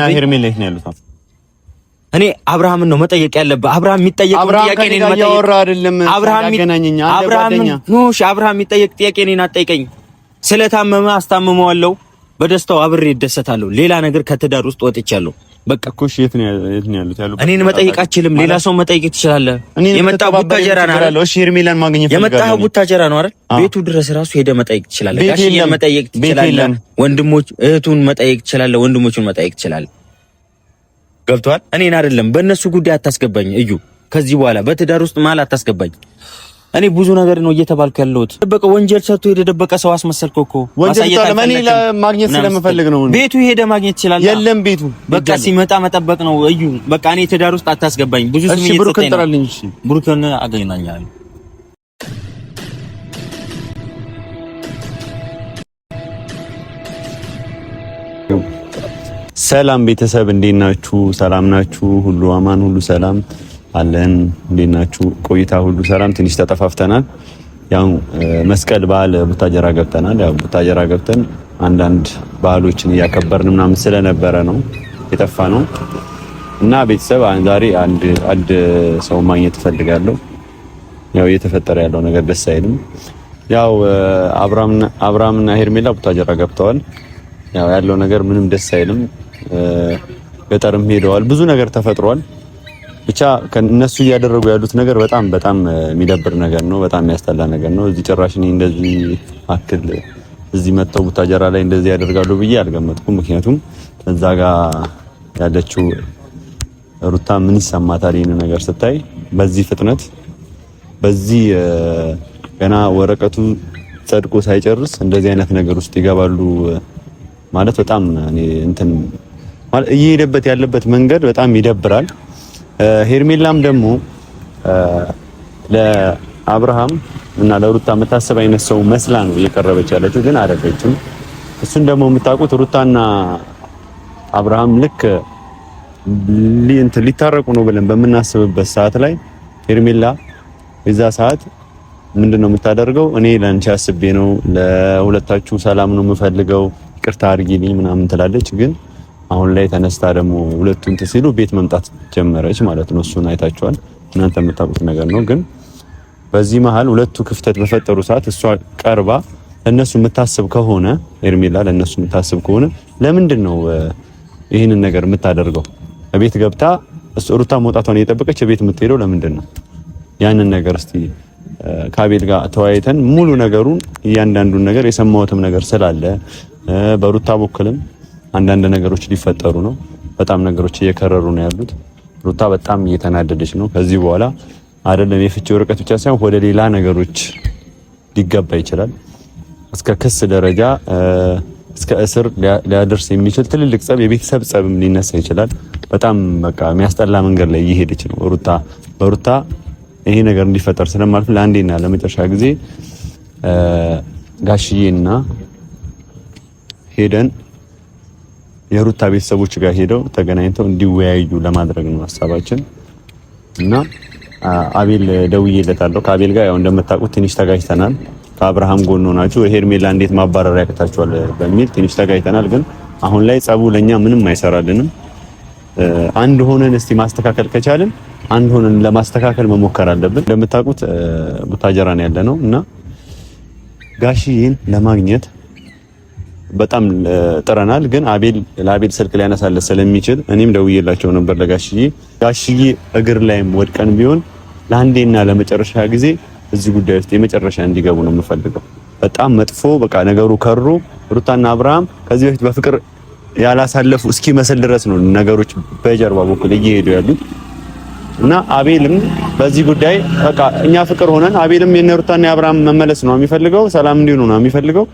ነው ያሉት? እኔ አብርሃምን ነው መጠየቅ ያለብህ። አብርሃም የሚጠየቅ ጥያቄ እኔን መጠየቅ አብርሃም የሚጠየቅ ጥያቄ አጠይቀኝ። ስለታመመ አስታምመዋለሁ። በደስታው አብሬ እደሰታለሁ። ሌላ ነገር ከትዳር ውስጥ ወጥቻለሁ። በቃ እኮ እሺ፣ የት ነው ያሉት? ያሉት እኔን መጠየቅ አችልም። ሌላ ሰው መጠየቅ ትችላለህ። የመጣህ ቡታጀራ ነው አይደል? እሺ፣ ሄርሜላን ማግኘት የመጣህ ቡታጀራ ነው አይደል? ቤቱ ድረስ ራሱ ሄደ መጠየቅ ትችላለህ። ጋሽዬ መጠየቅ ትችላለህ። ወንድሞች እህቱን መጠየቅ ትችላለህ። ወንድሞቹን መጠየቅ ትችላለህ። ገብቶሃል? እኔን አይደለም በእነሱ ጉዳይ አታስገባኝ እዩ። ከዚህ በኋላ በትዳር ውስጥ መሀል አታስገባኝ። እኔ ብዙ ነገር ነው እየተባልኩ ያለሁት። ደበቀ ወንጀል ሰጥቶ ደበቀ ሰው አስመሰልከው እኮ ወንጀል ለማግኘት ስለምፈልግ ነው። ቤቱ ሄደ ማግኘት ይችላል። የለም ቤቱ በቃ ሲመጣ መጠበቅ ነው። እዩ በቃ እኔ ትዳር ውስጥ አታስገባኝ። ብዙ ስም እየተጠራልኝ ብሩክን አገናኛለሁ። ሰላም ቤተሰብ እንዴት ናችሁ? ሰላም ናችሁ? ሁሉ አማን፣ ሁሉ ሰላም አለን። እንዴት ናችሁ? ቆይታ ሁሉ ሰላም። ትንሽ ተጠፋፍተናል። ያው መስቀል በዓል ቡታጀራ ገብተናል። ያው ቡታጀራ ገብተን አንዳንድ ባህሎችን እያከበርን ምናምን ስለነበረ ነው የጠፋ ነው እና ቤተሰብ ዛሬ አንድ አንድ ሰው ማግኘት እፈልጋለሁ። ያው እየተፈጠረ ያለው ነገር ደስ አይልም። ያው አብርሃምና ሄርሜላ ቡታጀራ ገብተዋል። ያው ያለው ነገር ምንም ደስ አይልም። ገጠርም ሄደዋል። ብዙ ነገር ተፈጥሯል። ብቻ እነሱ እያደረጉ ያሉት ነገር በጣም በጣም የሚደብር ነገር ነው። በጣም የሚያስጠላ ነገር ነው። እዚህ ጭራሽ እኔ እንደዚህ አክል እዚህ መጥተው ቡታጀራ ላይ እንደዚህ ያደርጋሉ ብዬ አልገመጥኩም። ምክንያቱም እዛ ጋር ያለችው ሩታ ምን ይሰማታል ይህን ነገር ስታይ? በዚህ ፍጥነት በዚህ ገና ወረቀቱ ጸድቆ ሳይጨርስ እንደዚህ አይነት ነገር ውስጥ ይገባሉ ማለት በጣም እኔ እንትን ማለት እየሄደበት ያለበት መንገድ በጣም ይደብራል። ሄርሜላም ደግሞ ለአብርሃም እና ለሩታ መታሰብ አይነት ሰው መስላ ነው እየቀረበች ያለችው፣ ግን አይደለችም። እሱን ደግሞ የምታውቁት ሩታና አብርሃም ልክ ሊታረቁ ነው ብለን በምናስብበት ሰዓት ላይ ሄርሜላ በዛ ሰዓት ምንድን ነው የምታደርገው? እኔ ለአንቺ አስቤ ነው፣ ለሁለታችሁ ሰላም ነው የምፈልገው፣ ይቅርታ አድርጊልኝ ምናምን ትላለች ግን አሁን ላይ ተነስታ ደግሞ ሁለቱን ሲሉ ቤት መምጣት ጀመረች ማለት ነው። እሱን አይታችኋል እናንተ የምታውቁት ነገር ነው። ግን በዚህ መሀል ሁለቱ ክፍተት በፈጠሩ ሰዓት እሷ ቀርባ ለእነሱ የምታስብ ከሆነ ኤርሜላ ለእነሱ የምታስብ ከሆነ ለምንድን ነው ይህንን ነገር የምታደርገው? ቤት ገብታ ሩታ መውጣቷን እየጠበቀች ቤት የምትሄደው ለምንድን ነው? ያንን ነገር እስቲ ከአቤል ጋር ተወያይተን ሙሉ ነገሩን እያንዳንዱን ነገር የሰማሁትም ነገር ስላለ በሩታ በኩልም አንዳንድ ነገሮች ሊፈጠሩ ነው። በጣም ነገሮች እየከረሩ ነው ያሉት። ሩታ በጣም እየተናደደች ነው። ከዚህ በኋላ አይደለም የፍቺ ወረቀት ብቻ ሳይሆን ወደ ሌላ ነገሮች ሊገባ ይችላል። እስከ ክስ ደረጃ እስከ እስር ሊያደርስ የሚችል ትልልቅ ጸብ፣ የቤተሰብ ጸብም ሊነሳ ይችላል። በጣም በቃ የሚያስጠላ መንገድ ላይ እየሄደች ነው ሩታ። በሩታ ይሄ ነገር እንዲፈጠር ስለማልፍ ለአንዴና ለመጨረሻ ጊዜ ጋሽዬና ሄደን የሩታ ቤተሰቦች ጋር ሄደው ተገናኝተው እንዲወያዩ ለማድረግ ነው ሀሳባችን እና አቤል ደውዬለታለሁ። ከአቤል ጋር ያው እንደምታውቁት ትንሽ ተጋጭተናል። ከአብርሃም ጎን ሆናችሁ ሄርሜላ እንዴት ማባረር ያቅታችኋል በሚል ትንሽ ተጋጭተናል። ግን አሁን ላይ ጸቡ ለኛ ምንም አይሰራልንም። አንድ ሆነን እስቲ ማስተካከል ከቻልን አንድ ሆነን ለማስተካከል መሞከር አለብን። እንደምታውቁት ቡታጀራን ያለ ነው እና ጋሽዬን ለማግኘት በጣም ጥረናል፣ ግን አቤል ለአቤል ስልክ ሊያነሳለት ስለሚችል እኔም ደውዬላቸው ነበር ለጋሽዬ። ጋሽዬ እግር ላይም ወድቀን ቢሆን ለአንዴና ለመጨረሻ ጊዜ እዚህ ጉዳይ ውስጥ የመጨረሻ እንዲገቡ ነው የምፈልገው። በጣም መጥፎ በቃ ነገሩ ከሩ። ሩታና አብርሃም ከዚህ በፊት በፍቅር ያላሳለፉ እስኪ መስል ድረስ ነው ነገሮች በጀርባ በኩል እየሄዱ ያሉት እና አቤልም በዚህ ጉዳይ በቃ እኛ ፍቅር ሆነን አቤልም የነ ሩታና የአብርሃም መመለስ ነው የሚፈልገው፣ ሰላም እንዲሆኑ ነው የሚፈልገው።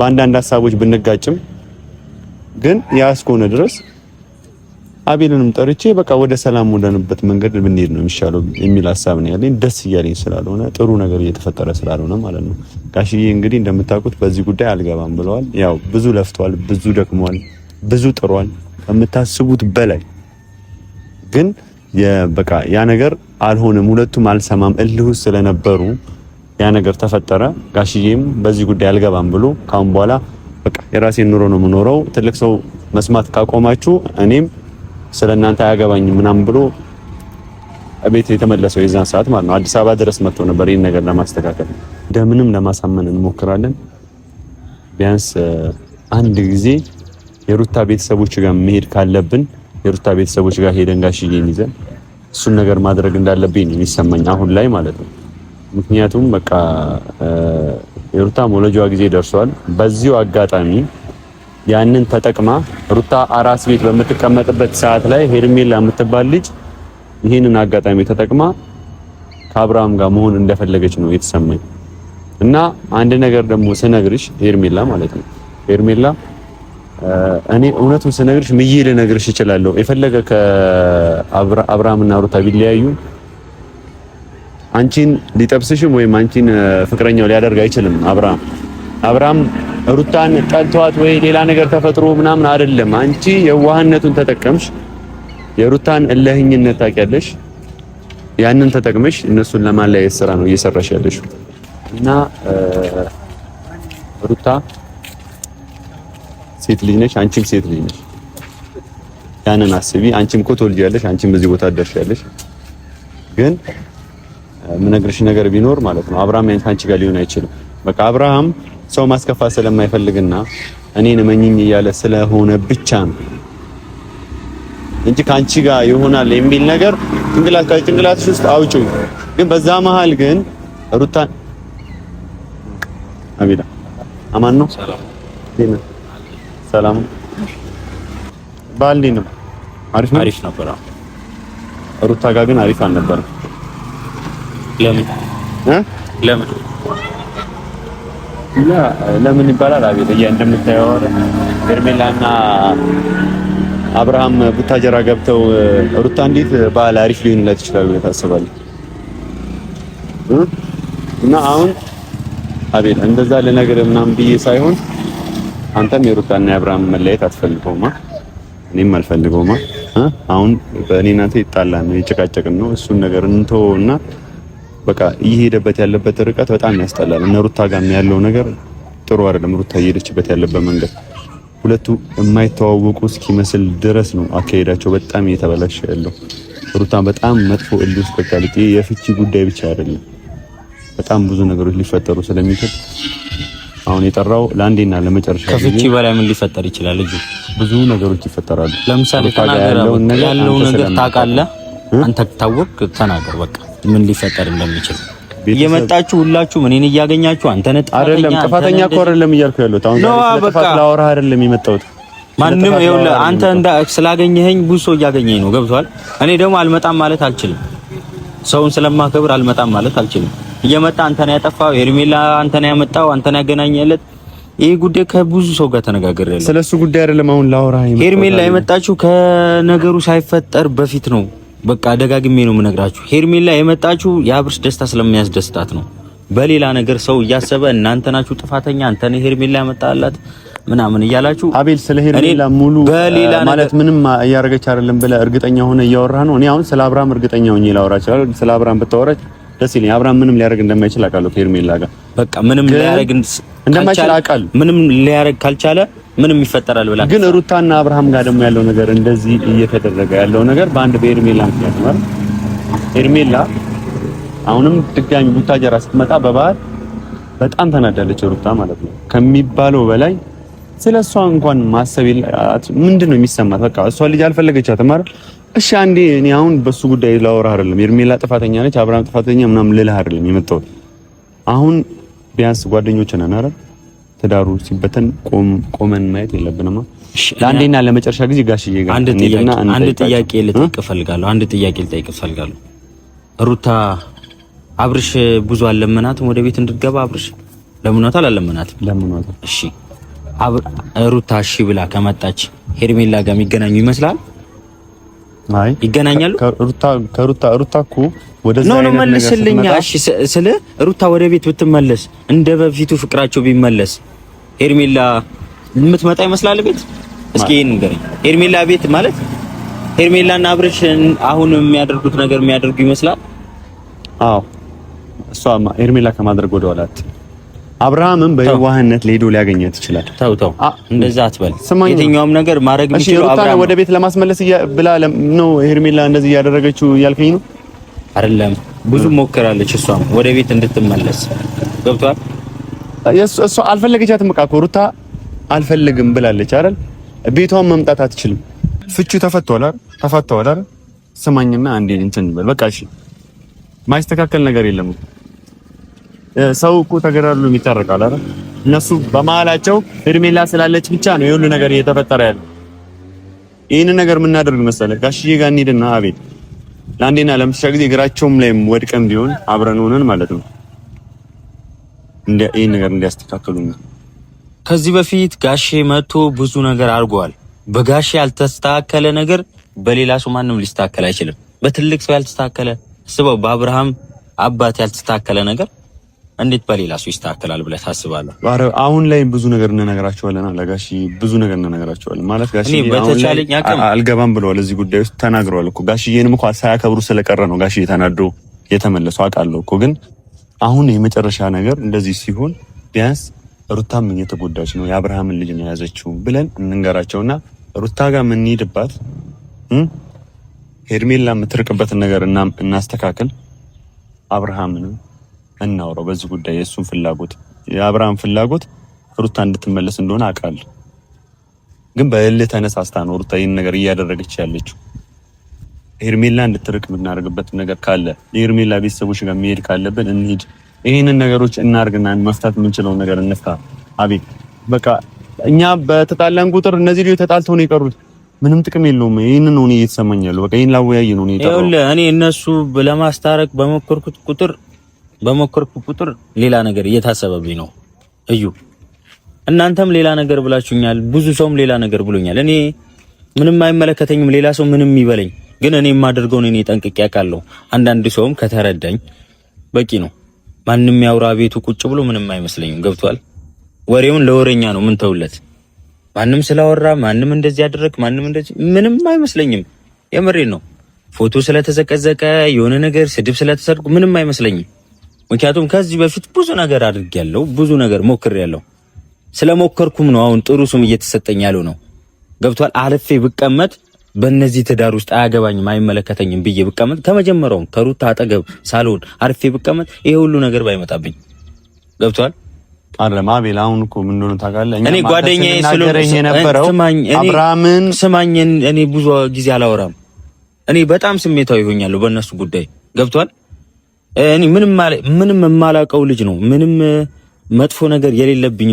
በአንዳንድ ሀሳቦች ብንጋጭም ግን ያስኮነ ድረስ አቤልንም ጠርቼ በቃ ወደ ሰላም ወደንበት መንገድ ብንሄድ ነው የሚሻለው የሚል ሀሳብ ነው ያለኝ። ደስ እያለኝ ስላልሆነ ጥሩ ነገር እየተፈጠረ ስላልሆነ ማለት ነው። ጋሽዬ እንግዲህ እንደምታውቁት በዚህ ጉዳይ አልገባም ብለዋል። ያው ብዙ ለፍቷል፣ ብዙ ደክሟል፣ ብዙ ጥሯል ከምታስቡት በላይ ግን በቃ ያ ነገር አልሆነም። ሁለቱም አልሰማም እልህ ውስጥ ስለነበሩ ያ ነገር ተፈጠረ። ጋሽዬም በዚህ ጉዳይ አልገባም ብሎ ካሁን በኋላ በቃ የራሴን ኑሮ ነው የምኖረው፣ ትልቅ ሰው መስማት ካቆማችሁ እኔም ስለ እናንተ አያገባኝም ምናምን ብሎ ቤት የተመለሰው የዛን ሰዓት ማለት ነው። አዲስ አበባ ድረስ መጥቶ ነበር ይህን ነገር ለማስተካከል እንደምንም ለማሳመን እንሞክራለን። ቢያንስ አንድ ጊዜ የሩታ ቤተሰቦች ጋር መሄድ ካለብን የሩታ ቤተሰቦች ጋር ሄደን ጋሽዬን ይዘን እሱን ነገር ማድረግ እንዳለብኝ ነው የሚሰማኝ አሁን ላይ ማለት ነው። ምክንያቱም በቃ የሩታ መውለጃዋ ጊዜ ደርሷል። በዚሁ አጋጣሚ ያንን ተጠቅማ ሩታ አራስ ቤት በምትቀመጥበት ሰዓት ላይ ሄርሜላ የምትባል ልጅ ይህንን አጋጣሚ ተጠቅማ ከአብርሃም ጋር መሆን እንደፈለገች ነው የተሰማኝ። እና አንድ ነገር ደግሞ ስነግርሽ ሄርሜላ ማለት ነው ሄርሜላ እኔ እውነቱን ስነግርሽ ምዬ ልነግርሽ እችላለሁ የፈለገ ከአብርሃምና ሩታ ቢለያዩ አንቺን ሊጠብስሽም ወይም አንቺን ፍቅረኛው ሊያደርግ አይችልም። አብርሃም አብርሃም ሩታን ጠልቷት ወይ ሌላ ነገር ተፈጥሮ ምናምን አይደለም። አንቺ የዋህነቱን ተጠቀምሽ፣ የሩታን እለህኝነት ታውቂያለሽ። ያንን ተጠቅመሽ እነሱን ለማለያየት ስራ ነው እየሰራሽ ያለሽ እና ሩታ ሴት ልጅ ነሽ፣ አንቺም ሴት ልጅ ነሽ። ያንን አስቢ። አንቺም እኮ ትወልጃለሽ፣ አንቺም እዚህ ቦታ ደርሻለሽ ግን የምነግርሽ ነገር ቢኖር ማለት ነው አብርሃም ያን ካንቺ ጋር ሊሆን አይችልም። በቃ አብርሃም ሰው ማስከፋ ስለማይፈልግና እኔን መኝኝ እያለ ስለሆነ ብቻ ነው እንጂ ካንቺ ጋር ይሆናል የሚል ነገር ጭንቅላት ጭንቅላትሽ ውስጥ አውጪ። ግን በዛ መሃል ግን ሩታ አቢዳ አማን ነው ሰላም ሰላም ነው አሪፍ ነው አሪፍ ነበር። ሩታ ጋር ግን አሪፍ አልነበረም። ለምን ይባላል? አቤት እያ እንደምታየው ሄርሜላና አብርሃም ቡታጀራ ገብተው ሩታ እንዴት ባህል አሪፍ ሊሆንላት ይችላል ታስባለ እና አሁን አቤት እንደዛ ለነገር ምናምን ብዬ ሳይሆን አንተም የሩታና የአብርሃም መለየት አትፈልገውማ፣ እኔም አልፈልገውማ። አሁን በእኔ እናንተ ይጣላል ነው የጨቃጨቅን ነው እሱን ነገር እና በቃ እየሄደበት ያለበት ርቀት በጣም ያስጠላል። እነ ሩታ ጋም ያለው ነገር ጥሩ አይደለም። ሩታ እየሄደችበት ያለበት መንገድ ሁለቱ የማይተዋወቁ እስኪመስል ድረስ ነው አካሄዳቸው በጣም እየተበላሸ ያለው። ሩታን በጣም መጥፎ እልህ ውስጥ ከታለች። የፍቺ ጉዳይ ብቻ አይደለም፣ በጣም ብዙ ነገሮች ሊፈጠሩ ስለሚችል አሁን የጠራው ለአንዴና ለመጨረሻ ከፍቺ በላይ ምን ሊፈጠር ይችላል? እጁ ብዙ ነገሮች ይፈጠራሉ። ለምሳሌ ያለው ነገር ታውቃለህ አንተ፣ ታወቅ ተናገር በቃ ምን ሊፈጠር እንደሚችል እየመጣችሁ ሁላችሁ ምን እያገኛችሁ አንተ ነጥ አይደለም ጥፋተኛ እኮ አይደለም እያልኩ ያለሁት አሁን ጥፋት ላወራህ አይደለም የመጣሁት ማንም ይኸውልህ አንተ እንደ ስላገኘኸኝ ብዙ ሰው እያገኘኝ ነው ገብቷል እኔ ደግሞ አልመጣም ማለት አልችልም ሰውን ስለማከብር አልመጣም ማለት አልችልም እየመጣ አንተ ነው ያጠፋው ሄርሜላ አንተ ነው ያመጣው አንተ ነው ያገናኘለት ይህ ጉዳይ ከብዙ ሰው ጋር ያለ ስለሱ ጉዳይ አይደለም አሁን ላወራህ ሄርሜላ የመጣችሁ ከነገሩ ሳይፈጠር በፊት ነው በቃ ደጋግሜ ነው የምነግራችሁ። ሄርሜላ የመጣችሁ የአብርሽ ደስታ ስለሚያስደስታት ነው። በሌላ ነገር ሰው እያሰበ እናንተ ናችሁ ጥፋተኛ፣ አንተ ነህ ሄርሜላ ያመጣላት ምናምን እያላችሁ አቤል፣ ስለ ሄርሜላ ሙሉ ማለት ምንም እያደረገች አይደለም ብለህ እርግጠኛ ሆነ እያወራህ ነው። እኔ አሁን ስለ አብርሃም እርግጠኛ ሆኜ ላወራ ይችላል። ስለ አብርሃም ብታወራች ደስ ይለኝ። አብርሃም ምንም ሊያደርግ እንደማይችል አውቃለሁ። ሄርሜላ ጋር በቃ ምንም ሊያደርግ እንደማይችል አውቃለሁ። ምንም ሊያደርግ ካልቻለ ምንም ይፈጠራል ብላ ግን ሩታና አብርሃም ጋር ደግሞ ያለው ነገር እንደዚህ እየተደረገ ያለው ነገር በአንድ በኤርሜላ ምክንያት ነው ኤርሜላ አሁንም ድጋሚ ቡታጀራ ስትመጣ በባህል በጣም ተናዳለች ሩታ ማለት ነው ከሚባለው በላይ ስለ እሷ እንኳን ማሰብ ምንድን ነው የሚሰማት? በቃ እሷ ልጅ አልፈለገቻትም አይደል? እሺ አንዴ እኔ አሁን በሱ ጉዳይ ላወራ አይደለም። ኤርሜላ ጥፋተኛ ነች፣ አብርሃም ጥፋተኛ ምናምን ልልህ አይደለም የመጣሁት አሁን ቢያንስ ጓደኞች ነን አይደል ትዳሩ ሲበተን ቆመን ማየት የለብንማ። ለአንዴና ለመጨረሻ ጊዜ ጋሽዬ ጋር አንድ ጥያቄ አንድ ጥያቄ ልጠይቅ እፈልጋለሁ። አንድ ጥያቄ ልጠይቅ እፈልጋለሁ። ሩታ አብርሽ ብዙ አለመናትም ወደ ቤት እንድትገባ አብርሽ ለምኗት አላለመናትም? ለምኗት። እሺ ሩታ እሺ ብላ ከመጣች ሄርሜላ ጋር የሚገናኙ ይመስላል? አይ ይገናኛሉ። ከሩታ ከሩታ ሩታ እኮ ወደዛ ነው መልስልኛ። እሺ ስለ ሩታ ወደ ቤት ብትመለስ እንደ በፊቱ ፍቅራቸው ቢመለስ ሄርሜላ የምትመጣ ይመስላል ቤት? እስኪ ይሄን ንገረኝ። ሄርሜላ ቤት ማለት ሄርሜላና አብርሽ አሁን የሚያደርጉት ነገር የሚያደርጉ ይመስላል? አዎ እሷ ሄርሜላ ከማድረግ ወደ ኋላ አብርሃምም በየዋህነት ሌዶ ሊያገኘት ይችላል። ተው ተው፣ እንደዛ አትበል። የትኛውም ነገር ማድረግ የሚችለው አብርሃም ወደ ቤት ለማስመለስ ብላ ነው ሄርሜላ እንደዚህ እያደረገችው እያልከኝ ነው አይደለም ብዙ ሞክራለች። እሷም ወደ ቤት እንድትመለስ ገብቷል። እሷ አልፈለገቻትም። በቃ ሩታ አልፈልግም ብላለች አይደል? ቤቷን መምጣት አትችልም። ፍቹ ተፈቷል አይደል? ተፈቷል ስማኝና አንዴ እንትን በል በቃ እሺ። ማይስተካከል ነገር የለም። ሰው እኮ ተገዳሉ የሚታረቃል አይደል? እነሱ በመሀላቸው እድሜላ ስላለች ብቻ ነው የሁሉ ነገር እየተፈጠረ ያለ። ይህንን ነገር የምናደርግ መሰለህ? ጋሽዬ ጋር እንሂድና አቤት ለአንዴና ለመጨረሻ ጊዜ እግራቸውም ላይ ወድቀን ቢሆን አብረን ሆነን ማለት ነው እንደ ይሄን ነገር እንዲያስተካክሉና ከዚህ በፊት ጋሼ መጥቶ ብዙ ነገር አድርጓል። በጋሼ ያልተስተካከለ ነገር በሌላ ሰው ማንም ሊስተካከል አይችልም። በትልቅ ሰው ያልተስተካከለ ስበው በአብርሃም አባት ያልተስተካከለ ነገር እንዴት በሌላ ሰው ይስተካከላል ብለህ ታስባለህ? አሁን ላይ ብዙ ነገር እንነግራቸዋለን አለ ጋሽ፣ ብዙ ነገር እንነግራቸዋለን ማለት በተቻለኝ አቅም አልገባም ብለዋል። እዚህ ጉዳይ ውስጥ ተናግረዋል እኮ ጋሽዬንም እኮ ሳያከብሩ ስለቀረ ነው ጋሽዬ ተናዶ የተመለሰው አውቃለሁ እኮ። ግን አሁን የመጨረሻ ነገር እንደዚህ ሲሆን ቢያንስ ሩታም እየተጎዳች ነው የአብርሃምን ልጅ ነው የያዘችው ብለን እንንገራቸውና ሩታ ጋር የምንሄድባት ሄርሜላ የምትርቅበትን ነገር እናስተካክል አብርሃምንም እናውረው በዚህ ጉዳይ። የእሱን ፍላጎት የአብርሃም ፍላጎት ሩታ እንድትመለስ እንደሆነ አውቃለሁ፣ ግን በእልህ ተነሳስታ ነው ሩታ ይህን ነገር እያደረገች ያለችው። ሄርሜላ እንድትርቅ የምናደርግበት ነገር ካለ የሄርሜላ ቤተሰቦች ጋር መሄድ ካለብን እንሂድ። ይህንን ነገሮች እናርግና መፍታት የምንችለውን ነገር እንፍታ። አቤት በቃ እኛ በተጣላን ቁጥር እነዚህ ልጆች ተጣልተው ነው የቀሩት። ምንም ጥቅም የለውም። ይህንን ነው እኔ እየተሰማኝ ያለው። በቃ ይህን ላወያይ ነው እኔ እነሱ ለማስታረቅ በሞከርኩት ቁጥር በሞከርኩ ቁጥር ሌላ ነገር እየታሰበብኝ ነው። እዩ እናንተም ሌላ ነገር ብላችሁኛል፣ ብዙ ሰውም ሌላ ነገር ብሎኛል። እኔ ምንም አይመለከተኝም፣ ሌላ ሰው ምንም ይበለኝ፣ ግን እኔ የማደርገውን እኔ ጠንቅቄ አውቃለሁ። አንዳንድ ሰውም ከተረዳኝ በቂ ነው። ማንም ያውራ ቤቱ ቁጭ ብሎ ምንም አይመስለኝም። ገብቷል። ወሬውን ለወሬኛ ነው ምን ተውለት። ማንም ስላወራ ማንም እንደዚህ ያደረግ ማንም እንደዚህ ምንም አይመስለኝም። የምሬን ነው። ፎቶ ስለተዘቀዘቀ የሆነ ነገር ስድብ ስለተሰድኩ ምንም አይመስለኝም። ምክንያቱም ከዚህ በፊት ብዙ ነገር አድርጌያለሁ፣ ብዙ ነገር ሞክሬያለሁ። ስለሞከርኩም ነው አሁን ጥሩ ስም እየተሰጠኝ ያለው ነው። ገብቷል። አልፌ ብቀመጥ በእነዚህ ትዳር ውስጥ አያገባኝም አይመለከተኝም ብዬ ብቀመጥ ከመጀመሪያውም ከሩታ አጠገብ ሳልሆን አልፌ ብቀመጥ ይሄ ሁሉ ነገር ባይመጣብኝ ገብቷል። አይደለም አቤል፣ አሁን እኮ ምን እንደሆነ ታውቃለህ። እኔ ጓደኛዬ ስለሆነ ስማኝ፣ እኔ ብዙ ጊዜ አላወራም። እኔ በጣም ስሜታዊ ይሆኛለሁ በእነሱ ጉዳይ ገብቷል። እኔ ምንም ምንም የማላውቀው ልጅ ነው። ምንም መጥፎ ነገር የሌለብኝ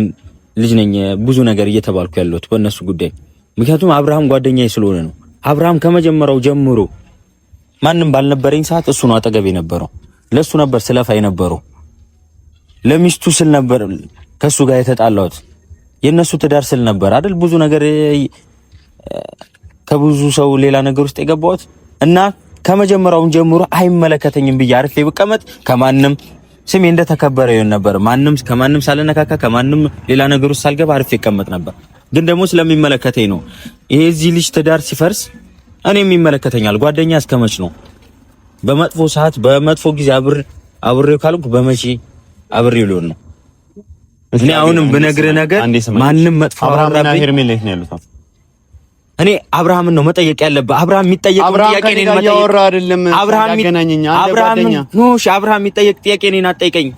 ልጅ ነኝ። ብዙ ነገር እየተባልኩ ያለሁት በእነሱ ጉዳይ ምክንያቱም አብርሃም ጓደኛዬ ስለሆነ ነው። አብርሃም ከመጀመሪያው ጀምሮ ማንም ባልነበረኝ ሰዓት እሱ ነው አጠገብ የነበረው። ለሱ ነበር ስለፋ የነበረው። ለሚስቱ ስል ነበር ከሱ ጋር የተጣላሁት። የነሱ ትዳር ስል ነበር አይደል? ብዙ ነገር ከብዙ ሰው ሌላ ነገር ውስጥ የገባሁት እና ከመጀመሪያውም ጀምሮ አይመለከተኝም ብዬ አርፌ ብቀመጥ ከማንም ስሜ እንደተከበረ ይሆን ነበር። ማንም ከማንም ሳልነካካ ከማንም ሌላ ነገር ውስጥ ሳልገባ አርፌ ይቀመጥ ነበር። ግን ደግሞ ስለሚመለከተኝ ነው። ይሄ እዚህ ልጅ ትዳር ሲፈርስ እኔም ይመለከተኛል። ጓደኛ እስከመች ነው? በመጥፎ ሰዓት በመጥፎ ጊዜ አብር አብሬው ካልኩ በመቼ አብሬው ሊሆን ነው? እኔ አሁንም ብነግርህ ነገር ማንም መጥፎ አብራምና ሄርሜላ ነው ያሉት እኔ አብርሃምን ነው መጠየቅ ያለብህ። አብርሃም የሚጠየቅ ጥያቄ መጠየቅ አብርሃም የሚጠየቅ ጥያቄ እኔን አጠይቀኝ።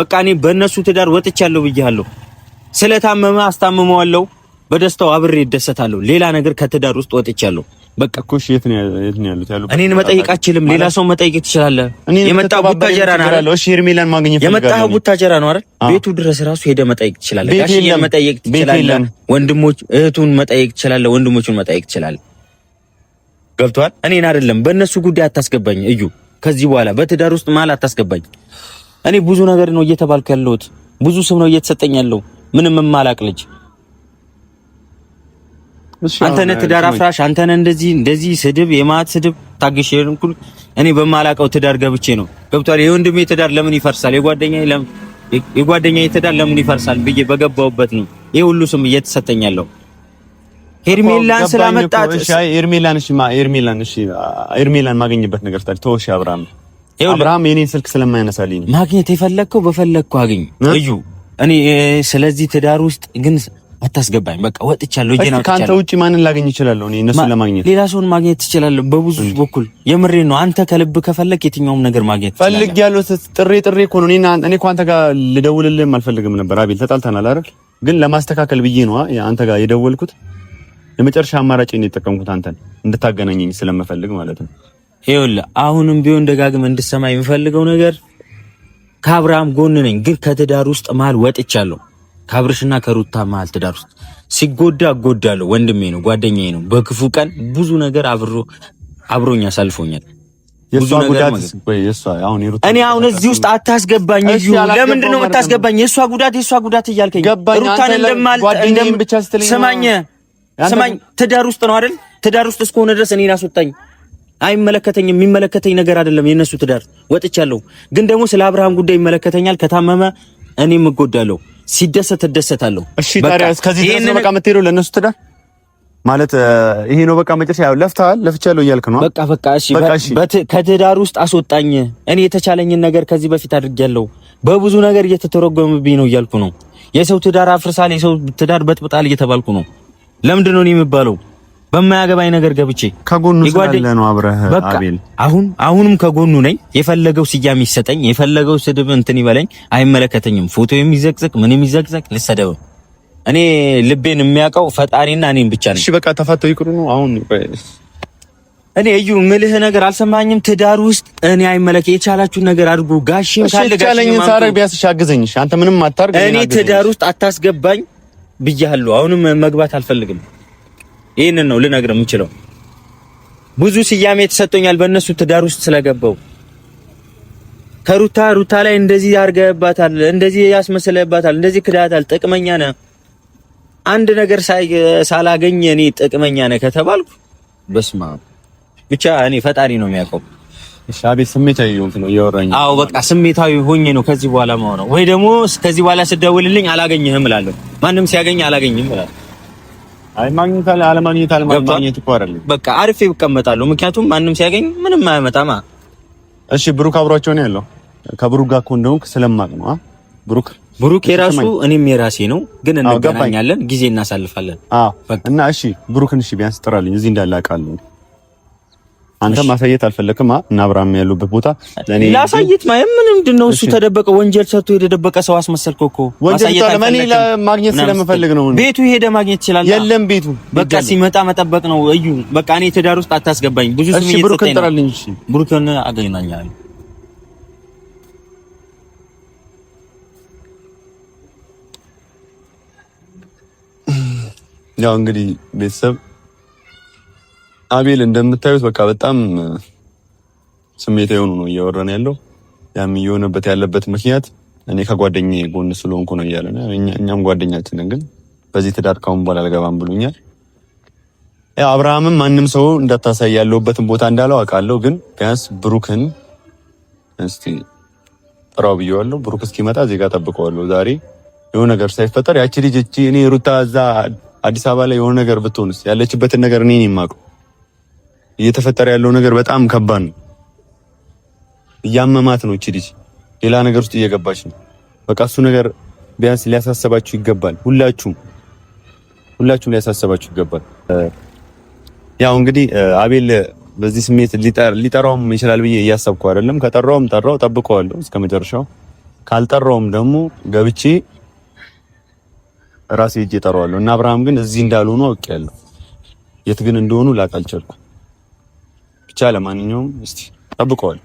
በቃ እኔ በእነሱ ትዳር ወጥቻለሁ ብያለሁ። ስለታመመ አስታምመዋለሁ። በደስታው አብሬ ይደሰታለሁ። ሌላ ነገር ከትዳር ውስጥ ወጥቻለሁ። በቃ እኮ እሺ፣ የት ነው ያሉት? ያሉት እኔን መጠየቅ አችልም። ሌላ ሰው መጠየቅ ትችላለህ። የመጣህ ቡታጀራ ነው አይደል? እሺ፣ ሄርሜላን ማግኘት የመጣህ ቡታጀራ ነው አይደል? ቤቱ ድረስ ራሱ ሄደህ መጠየቅ ትችላለህ። ጋሽዬ መጠየቅ ትችላለህ። ወንድሞች እህቱን መጠየቅ ትችላለህ። ወንድሞቹን መጠየቅ ትችላለህ። ገብቶሃል? እኔን አይደለም በእነሱ ጉዳይ አታስገባኝ እዩ። ከዚህ በኋላ በትዳር ውስጥ መሀል አታስገባኝ። እኔ ብዙ ነገር ነው እየተባልኩ ያለሁት። ብዙ ስም ነው እየተሰጠኝ ያለው። ምንም የማላቅ ልጅ አንተ አንተነህ ትዳር አፍራሽ፣ አንተነህ እንደዚህ እንደዚህ ስድብ፣ የማት ስድብ ታግሽ ይልኩል። እኔ በማላቀው ትዳር ገብቼ ነው ገብቷል። የወንድሜ ትዳር ለምን ይፈርሳል? የጓደኛዬ ለምን የጓደኛዬ ትዳር ለምን ይፈርሳል ብዬ በገባውበት ነው ይሄ ሁሉ ስም እየተሰጠኛለሁ። ሄርሜላን ስላመጣት ሄርሜላን እሺ፣ ማ ሄርሜላን እሺ፣ ሄርሜላን ማገኝበት ነገር ታዲያ ተወሽ። አብርሃም አብርሃም የኔን ስልክ ስለማያነሳልኝ ማግኘት የፈለግከው በፈለግከው አግኝ እዩ። እኔ ስለዚህ ትዳር ውስጥ ግን አታስገባኝ። በቃ ወጥቻለሁ። እጄን አውጥቻለሁ። ከአንተ ውጪ ማንን ላገኝ እችላለሁ? እኔ እነሱን ለማግኘት ሌላ ሰውን ማግኘት ትችላለህ። በብዙ በኩል የምሬን ነው። አንተ ከልብ ከፈለግ የትኛውም ነገር ማግኘት ፈልግ ያለው ጥሬ ጥሬ እኮ ነው። እኔ እኮ አንተ ጋር ልደውልልህም አልፈልግም ነበር። አቤል ተጣልተናል አይደል? ግን ለማስተካከል ብዬ ነው አንተ ጋር የደወልኩት። የመጨረሻ አማራጭ ነው የተጠቀምኩት፣ አንተን እንድታገናኘኝ ስለምፈልግ ማለት ነው። ይኸውልህ አሁንም ቢሆን ደጋግመህ እንድሰማ የምፈልገው ነገር ከአብርሃም ጎን ነኝ፣ ግን ከትዳር ውስጥ መሀል ወጥቻለሁ። ከአብርሽና ከሩታ መሀል ትዳር ውስጥ ሲጎዳ እጎዳለሁ። ወንድሜ ነው፣ ጓደኛዬ ነው። በክፉ ቀን ብዙ ነገር አብሮ አብሮኝ አሳልፎኛል። እኔ አሁን እዚህ ውስጥ አታስገባኝ። እዩ ለምንድን ነው የምታስገባኝ? የእሷ ጉዳት የእሷ ጉዳት እያልከኝ ሩታን እንደማልጠ ትዳር ውስጥ ነው አይደል? ትዳር ውስጥ እስከሆነ ድረስ እኔን አስወጣኝ። አይመለከተኝም። የሚመለከተኝ ነገር አይደለም የእነሱ ትዳር። ወጥቻለሁ። ግን ደግሞ ስለ አብርሃም ጉዳይ ይመለከተኛል። ከታመመ እኔ እጎዳለሁ። ሲደሰት እደሰታለሁ። እሺ ታዲያ እስከዚህ ድረስ ነው በቃ የምትሄደው ለእነሱ ትዳር ማለት ይሄ ነው። በቃ መጨረሻ ያው ለፍተሃል፣ ለፍቻለሁ እያልክ ነው። በቃ በቃ እሺ፣ ከትዳር ውስጥ አስወጣኝ። እኔ የተቻለኝን ነገር ከዚህ በፊት አድርጌያለሁ። በብዙ ነገር እየተተረጎመብኝ ነው እያልኩ ነው። የሰው ትዳር አፍርሳል፣ የሰው ትዳር በጥብጣል እየተባልኩ ነው። ለምንድን ነው የሚባለው? በማያገባኝ ነገር ገብቼ ከጎኑ ስላለ ነው አብረህ አቤል። አሁን አሁንም ከጎኑ ነኝ። የፈለገው ስያሜ ይሰጠኝ፣ የፈለገው ስድብ እንትን ይበለኝ፣ አይመለከተኝም። ፎቶ የሚዘቅዘቅ ምን የሚዘቅዘቅ ልሰደብም። እኔ ልቤን የሚያውቀው ፈጣሪና እኔን ብቻ ነኝ። እሺ በቃ ተፋተው ይቅሩ ነው አሁን እኔ እዩ ምልህ ነገር አልሰማኝም። ትዳር ውስጥ እኔ አይመለከ የቻላችሁ ነገር አድርጉ። ጋሽም ካለ ጋሽም ሳረግ ቢያስሽ አግዘኝሽ። አንተ ምንም አታርግ። እኔ ትዳር ውስጥ አታስገባኝ ብያለሁ። አሁንም መግባት አልፈልግም። ይህንን ነው ልነግር የምችለው። ብዙ ስያሜ ተሰጥቶኛል በእነሱ ትዳር ውስጥ ስለገባው ከሩታ ሩታ ላይ እንደዚህ አርገባታል፣ እንደዚህ ያስመስለባታል፣ እንደዚህ ክዳታል፣ ጥቅመኛ ነ አንድ ነገር ሳላገኝ እኔ ጥቅመኛ ነ ከተባልኩ በስማ ብቻ እኔ ፈጣሪ ነው የሚያውቀው። ሻቤት ስሜታዊ ሆንክ ነው እያወራኝ። አዎ በቃ ስሜታዊ ሆኜ ነው ከዚህ በኋላ ማወራው። ወይ ደግሞ ከዚህ በኋላ ስደውልልኝ አላገኝህም እላለሁ። ማንም ሲያገኝ አላገኝህም እላለሁ። አይ ማግኘት አለ አለማግኘት አለማግኘት እኮ አይደለም። በቃ አሪፍ ይቀመጣሉ። ምክንያቱም ማንም ሲያገኝ ምንም አያመጣማ። እሺ ብሩክ አብሯቸው ነው ያለው። ከብሩክ ጋር እኮ እንደውም ስለማቅ ነው ብሩክ ብሩክ የራሱ እኔም የራሴ ነው፣ ግን እንገናኛለን፣ ጊዜ እናሳልፋለን አዎ እና እሺ ብሩክን እሺ ቢያንስ ጥራልኝ እዚህ እንዳላቃለሁ አንተ ማሳየት አልፈለክም እና አብርሃም ያሉበት ቦታ ለኔ ላሳየት ማየም ምን ነው እሱ ተደበቀ። ወንጀል ሰርቶ ሄደ። ደበቀ ሰው አስመሰልከው እኮ ወንጀል ለማግኘት ስለምፈልግ ነው። ቤቱ ሄደ ማግኘት ይችላል። የለም ቤቱ በቃ ሲመጣ መጠበቅ ነው። እዩ በቃ እኔ ትዳር ውስጥ አታስገባኝ። ብዙ ስም ብሩክ ነው። እሺ ብሩክ ብሩክን አገናኛለሁ ያው እንግዲህ ቤተሰብ አቤል እንደምታዩት በቃ በጣም ስሜት የሆኑ ነው እያወራን ያለው። ያም እየሆነበት ያለበት ምክንያት እኔ ከጓደኛዬ ጎን ስለሆንኩ ነው እያለ እኛም ጓደኛችንን ግን በዚህ ትዳር ካሁን በኋላ አልገባም ብሎኛል። ያው አብርሃምም ማንም ሰው እንዳታሳይ ያለውበትን ቦታ እንዳለው አውቃለሁ። ግን ቢያንስ ብሩክን እስቲ ጥራው ብየዋለሁ። ብሩክ እስኪመጣ ዜጋ ጠብቀዋለሁ። ዛሬ የሆነ ነገር ሳይፈጠር ያቺ ልጅ እቺ እኔ ሩታ እዛ አዲስ አበባ ላይ የሆነ ነገር ብትሆንስ ያለችበትን ነገር እኔን ነኝ እየተፈጠረ ያለው ነገር በጣም ከባድ ነው። እያመማት ነው እቺ ልጅ ሌላ ነገር ውስጥ እየገባች ነው። በቃ እሱ ነገር ቢያንስ ሊያሳሰባችሁ ይገባል። ሁላችሁም ሁላችሁም ሊያሳሰባችሁ ይገባል። ያው እንግዲህ አቤል በዚህ ስሜት ሊጠራውም ይችላል ብዬ እያሰብኩ አይደለም። ከጠራውም ጠራው ጠብቀዋለሁ እስከ መጨረሻው፣ ካልጠራውም ደግሞ ገብቼ ራሴ እጄ ጠራዋለሁ እና አብርሃም ግን እዚህ እንዳልሆኑ አውቄያለሁ። የት ግን እንደሆኑ ላቅ አልቻልኩም። ብቻ ለማንኛውም እስቲ ጠብቀዋል።